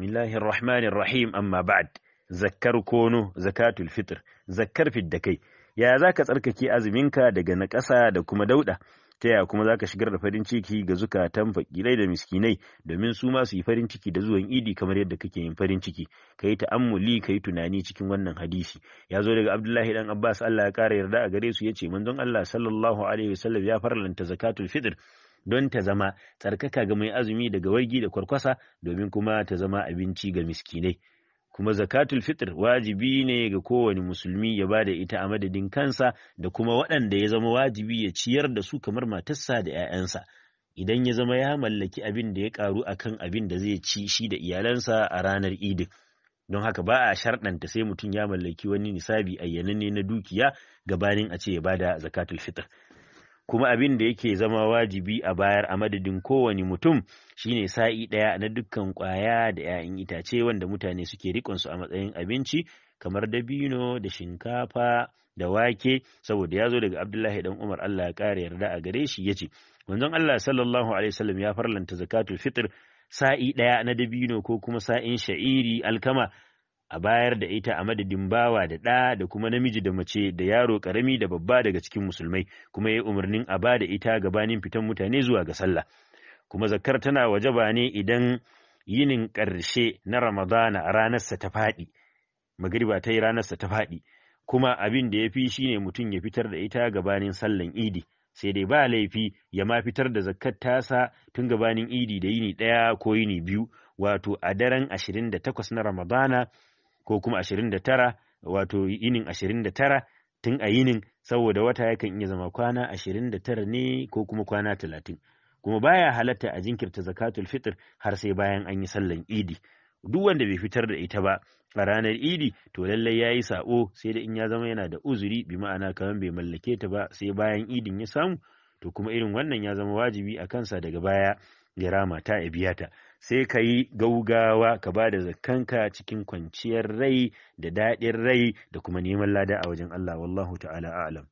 bismillahir rahmanir rahim amma ba'd zakkar kono zakatul fitr zakkar fidda kai ya zaka tsarkake azuminka daga naƙasa da kuma dauda ta yaya kuma zaka shigar da farin ciki ga zukatan fakirai da miskinai domin su ma farin ciki da zuwan idi kamar yadda kake yin farin ciki ta'ammuli ka yi tunani cikin wannan hadisi ya zo daga abdullahi dan abbas allah ya kara yarda a gare su manzon allah sallallahu ya farlanta zakatul fitr don ta zama tsarkaka ga mai azumi daga wargi da kwarkwasa domin kuma ta zama abinci ga miskinai kuma zakatul fitr wajibi ne ga kowane musulmi ya ba da ita a madadin kansa da kuma waɗanda ya zama wajibi ya ciyar da su kamar matarsa da 'ya'yansa idan ya zama ya mallaki abin da ya karu kan abin da zai ci shi da iyalansa a ranar idin don haka ba a sharɗanta sai mutum ya mallaki wani nisabi ne na dukiya gabanin a ce ya ba da zakatul fitr kuma abin da yake zama wajibi a bayar a madadin kowane mutum shine sa'i ɗaya na dukkan ƙwaya da 'ya'yan itace wanda mutane suke su a matsayin abinci kamar dabino da shinkafa da wake saboda ya zo daga Abdullahi dan Umar Allah ya ƙara yarda a gare shi ya ce. manzon Allah sallallahu alaihi wasallam ya farlanta zakatul fitr sa'i ɗaya na dabino ko kuma sa'in sha'iri alkama a bayar da ita a madadin bawa da ɗa da kuma namiji da mace da yaro ƙarami da babba daga cikin musulmai kuma ya yi umarnin a ba da ita gabanin fitan mutane zuwa ga sallah kuma zakar tana wajaba ne idan yinin ƙarshe na ramadana a ranarsa ta faɗi magariba ta yi ranarsa ta faɗi kuma abin da ya fi shine mutum ya fitar da ita gabanin sallan idi sai dai ba laifi ya ma fitar da zakkar tasa tun gabanin idi da yini ɗaya ko yini biyu wato a daren ashirin da takwas na ramadana ko kuma ashirin da tara wato yinin ashirin da tara tun a yinin saboda wata yakan iya zama kwana ashirin da tara ne ko kuma kwana talatin kuma baya halatta a jinkirta zakatul fitr har sai bayan an yi sallan idi duk wanda bai fitar da ita ba a ranar idi to lallai ya yi sabo sai da in ya zama yana da uzuri bi ma'ana kamar bai mallake ta ba sai bayan idin ya samu to kuma irin wannan ya zama wajibi a kansa daga baya dirama ta biya ta sai ka yi gaugawa ka ba da zakkanka cikin kwanciyar rai da daɗin rai da kuma neman lada a wajen Allah wallahu ta'ala a'lam